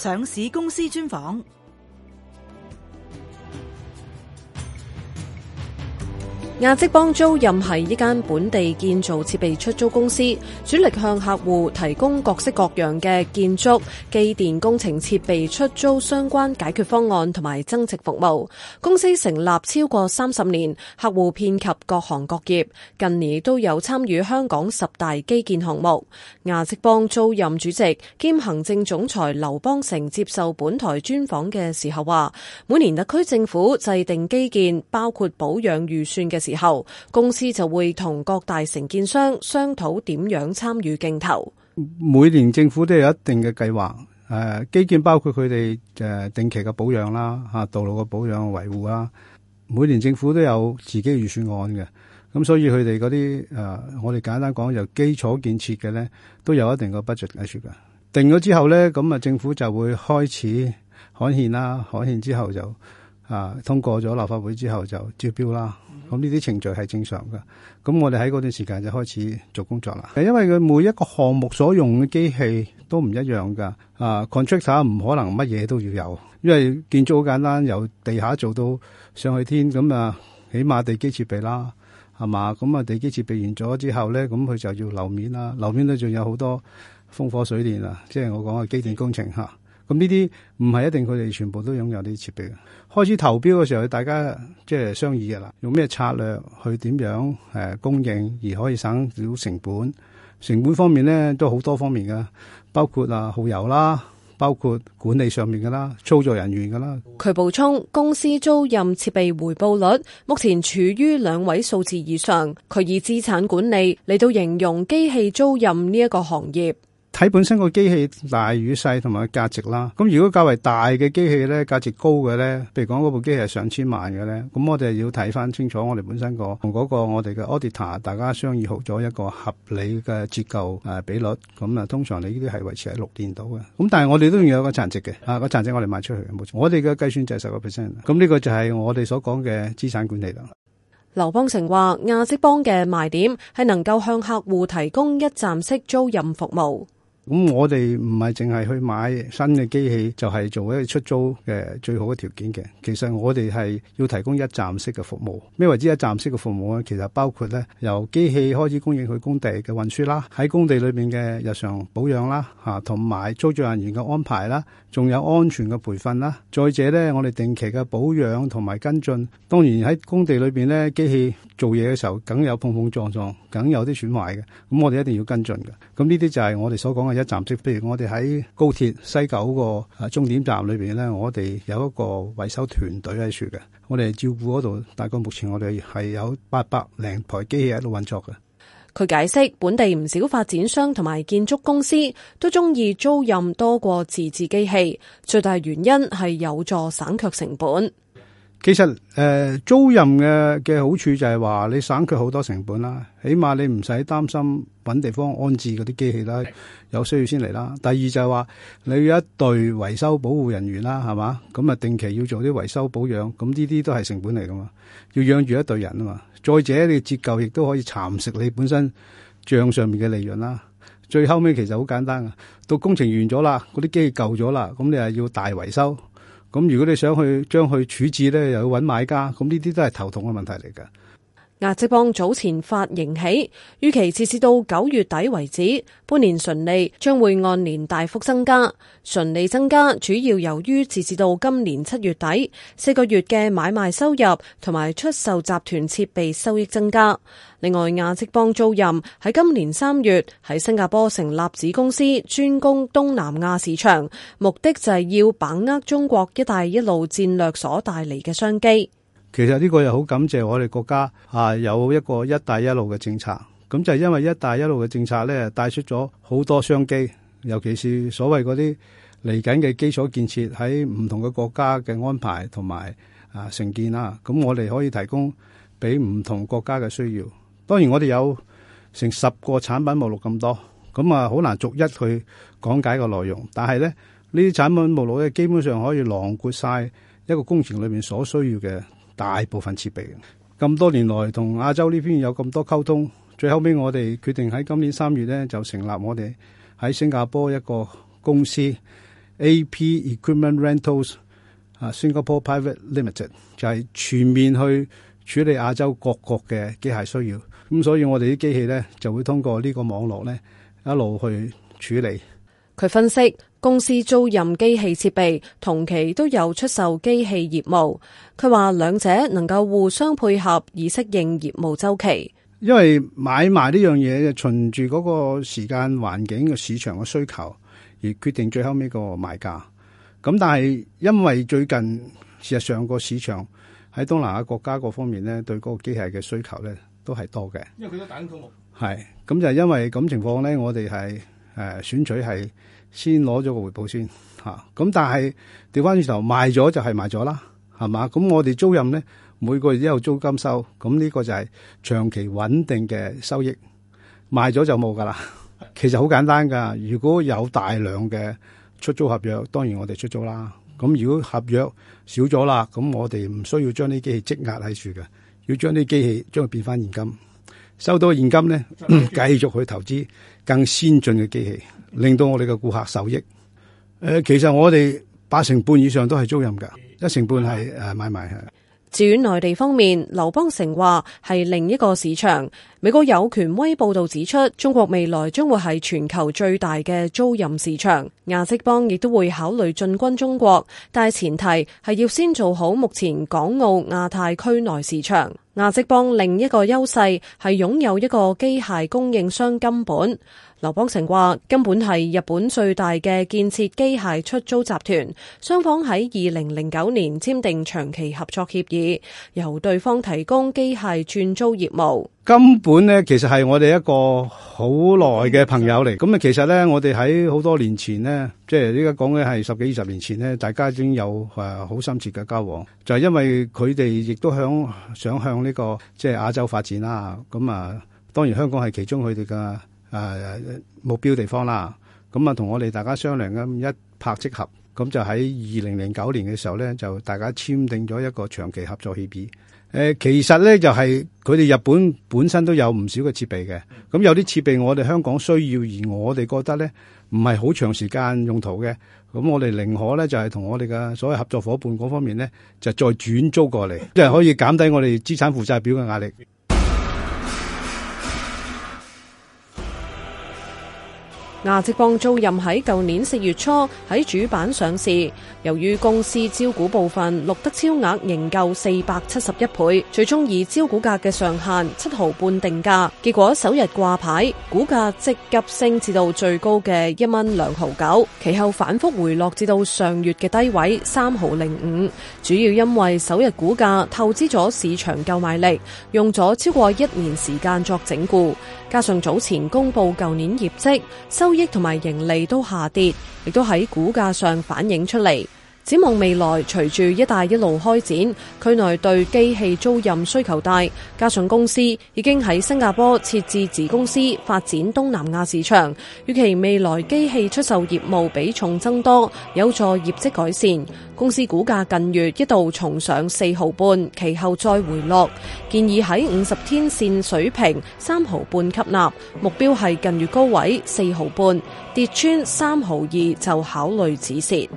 上市公司專訪。亞積邦租賃係一間本地建造設備出租公司，主力向客戶提供各式各樣嘅建築、機電工程設備出租相關解決方案同埋增值服務。公司成立超過三十年，客戶遍及各行各業，近年都有參與香港十大基建項目。亞積邦租賃主席兼行政總裁劉邦成接受本台專訪嘅時候話，每年特區政府制定基建包括保養預算嘅。時候，公司就會同各大承建商商討點樣參與競投。每年政府都有一定嘅計劃，誒、啊、基建包括佢哋誒定期嘅保養啦，吓道路嘅保養維護啦。每年政府都有自己預算案嘅，咁所以佢哋嗰啲誒，我哋簡單講就基礎建設嘅咧都有一定嘅 budget 嘅。定咗之後咧，咁啊政府就會開始刊憲啦，刊憲之後就啊通過咗立法會之後就招標啦。咁呢啲程序係正常噶。咁我哋喺嗰段時間就開始做工作啦。係因為佢每一個項目所用嘅機器都唔一樣噶。啊，contractor 唔可能乜嘢都要有，因為建築好簡單，由地下做到上去天咁啊，起碼地基設備啦，係嘛？咁啊，地基設備完咗之後咧，咁佢就要樓面啦。樓面都仲有好多風火水電啊，即係我講嘅機電工程吓。咁呢啲唔係一定佢哋全部都擁有啲設備嘅。開始投標嘅時候，大家即係商議啊，嗱，用咩策略去點樣誒供應，而可以省少成本。成本方面呢，都好多方面嘅，包括啊耗油啦，包括管理上面嘅啦，操作人員嘅啦。佢補充，公司租賃設備回報率目前處於兩位數字以上。佢以資產管理嚟到形容機器租賃呢一個行業。喺本身個機器大與細同埋價值啦。咁如果較為大嘅機器咧，價值高嘅咧，譬如講嗰部機係上千萬嘅咧，咁我哋要睇翻清楚。我哋本身個嗰個我哋嘅 auditor，大家商議好咗一個合理嘅折舊誒比率。咁啊，通常你呢啲係維持喺六年度嘅。咁但係我哋都仲有個殘值嘅啊，個殘值我哋賣出去冇錯。我哋嘅計算就係十個 percent。咁呢個就係我哋所講嘅資產管理啦。劉邦成話亞積邦嘅賣點係能夠向客戶提供一站式租賃服務。咁我哋唔係淨係去買新嘅機器，就係做一個出租嘅最好嘅條件嘅。其實我哋係要提供一站式嘅服務。咩為之一站式嘅服務咧？其實包括咧由機器開始供應去工地嘅運輸啦，喺工地裏邊嘅日常保養啦，吓同埋操作人員嘅安排啦，仲有安全嘅培訓啦。再者咧，我哋定期嘅保養同埋跟進。當然喺工地裏邊咧，機器做嘢嘅時候，梗有碰碰撞撞，梗有啲損壞嘅。咁我哋一定要跟進嘅。咁呢啲就係我哋所講嘅。一站即，譬如我哋喺高鐵西九個終點站裏邊咧，我哋有一個維修團隊喺處嘅，我哋照顧嗰度。大概目前我哋係有八百零台機器喺度運作嘅。佢解釋，本地唔少發展商同埋建築公司都中意租賃多過自製機器，最大原因係有助省卻成本。其實誒、呃，租賃嘅嘅好處就係話你省佢好多成本啦，起碼你唔使擔心搵地方安置嗰啲機器啦，有需要先嚟啦。第二就係話你要一隊維修保護人員啦，係嘛？咁啊定期要做啲維修保養，咁呢啲都係成本嚟噶嘛，要養住一隊人啊嘛。再者，你折舊亦都可以蠶食你本身賬上面嘅利潤啦。最後尾其實好簡單噶，到工程完咗啦，嗰啲機器舊咗啦，咁你係要大維修。咁如果你想去將佢處置咧，又要揾買家，咁呢啲都係頭痛嘅問題嚟噶。亞積邦早前發盈喜，預期截至到九月底為止，半年純利將會按年大幅增加。純利增加主要由於截至到今年七月底四個月嘅買賣收入同埋出售集團設備收益增加。另外，亞積邦租賃喺今年三月喺新加坡成立子公司，專攻東南亞市場，目的就係要把握中國一帶一路戰略所帶嚟嘅商機。其實呢個又好感謝我哋國家啊，有一個一帶一路嘅政策。咁就因為一帶一路嘅政策呢，帶出咗好多商機，尤其是所謂嗰啲嚟緊嘅基礎建設喺唔同嘅國家嘅安排同埋啊承建啦。咁我哋可以提供俾唔同國家嘅需要。當然我哋有成十個產品目錄咁多，咁啊好難逐一去講解個內容。但係呢，呢啲產品目錄呢，基本上可以囊括晒一個工程裏面所需要嘅。大部分設備，咁多年來同亞洲呢邊有咁多溝通，最後尾我哋決定喺今年三月呢就成立我哋喺新加坡一個公司 AP Equipment Rentals 啊 Singapore Private Limited，就係全面去處理亞洲各國嘅機械需要。咁所以我哋啲機器呢，就會通過呢個網絡呢一路去處理。佢分析。公司租賃機器設備，同期都有出售機器業務。佢話兩者能夠互相配合，以適應業務周期。因為買賣呢樣嘢就循住嗰個時間、環境嘅市場嘅需求而決定最後尾個賣價。咁但係因為最近事實上個市場喺東南亞國家各方面呢，對嗰個機械嘅需求呢都係多嘅。因為佢都大量購物。係咁就係因為咁情況呢，我哋係誒選取係。先攞咗個回報先嚇。咁、啊、但係調翻轉頭賣咗就係賣咗啦，係嘛？咁我哋租賃咧每個月都有租金收，咁呢個就係長期穩定嘅收益。賣咗就冇噶啦，其實好簡單噶。如果有大量嘅出租合約，當然我哋出租啦。咁如果合約少咗啦，咁我哋唔需要將啲機器積壓喺處嘅，要將啲機器將佢變翻現金，收到現金咧，繼續去投資更先進嘅機器，令到我哋嘅顧客受益。誒、呃，其實我哋八成半以上都係租賃噶，一成半係誒買賣。至於內地方面，劉邦成話係另一個市場。美國有權威報導指出，中國未來將會係全球最大嘅租賃市場。亞積邦亦都會考慮進軍中國，但係前提係要先做好目前港澳亞太區內市場。亞積邦另一個優勢係擁有一個機械供應商金本，劉邦成話金本係日本最大嘅建設機械出租集團，雙方喺二零零九年簽訂長期合作協議，由對方提供機械轉租業務。金本呢，其實係我哋一個。好耐嘅朋友嚟，咁啊，其實咧，我哋喺好多年前呢，即係依家講嘅係十幾二十年前呢，大家已經有誒好深切嘅交往，就係、是、因為佢哋亦都想想向呢、這個即係亞洲發展啦，咁啊，當然香港係其中佢哋嘅誒目標地方啦，咁啊，同我哋大家商量咁一拍即合，咁就喺二零零九年嘅時候咧，就大家簽訂咗一個長期合作協議。誒其實咧就係佢哋日本本身都有唔少嘅設備嘅，咁有啲設備我哋香港需要，而我哋覺得咧唔係好長時間用途嘅，咁我哋寧可咧就係同我哋嘅所謂合作伙伴嗰方面咧就再轉租過嚟，即係可以減低我哋資產負債表嘅壓力。亞積邦租賃喺舊年四月初喺主板上市，由於公司招股部分錄得超額，仍夠四百七十一倍，最終以招股價嘅上限七毫半定價，結果首日掛牌股價即急升至到最高嘅一蚊兩毫九，其後反覆回落至到上月嘅低位三毫零五，主要因為首日股價透支咗市場購買力，用咗超過一年時間作整固，加上早前公布舊年業績收。收益同埋盈利都下跌，亦都喺股價上反映出嚟。展望未來，隨住一帶一路開展，區內對機器租賃需求大，加上公司已經喺新加坡設置子公司發展東南亞市場，預期未來機器出售業務比重增多，有助業績改善。公司股價近月一度重上四毫半，其後再回落，建議喺五十天線水平三毫半吸納，目標係近月高位四毫半，跌穿三毫二就考慮止蝕。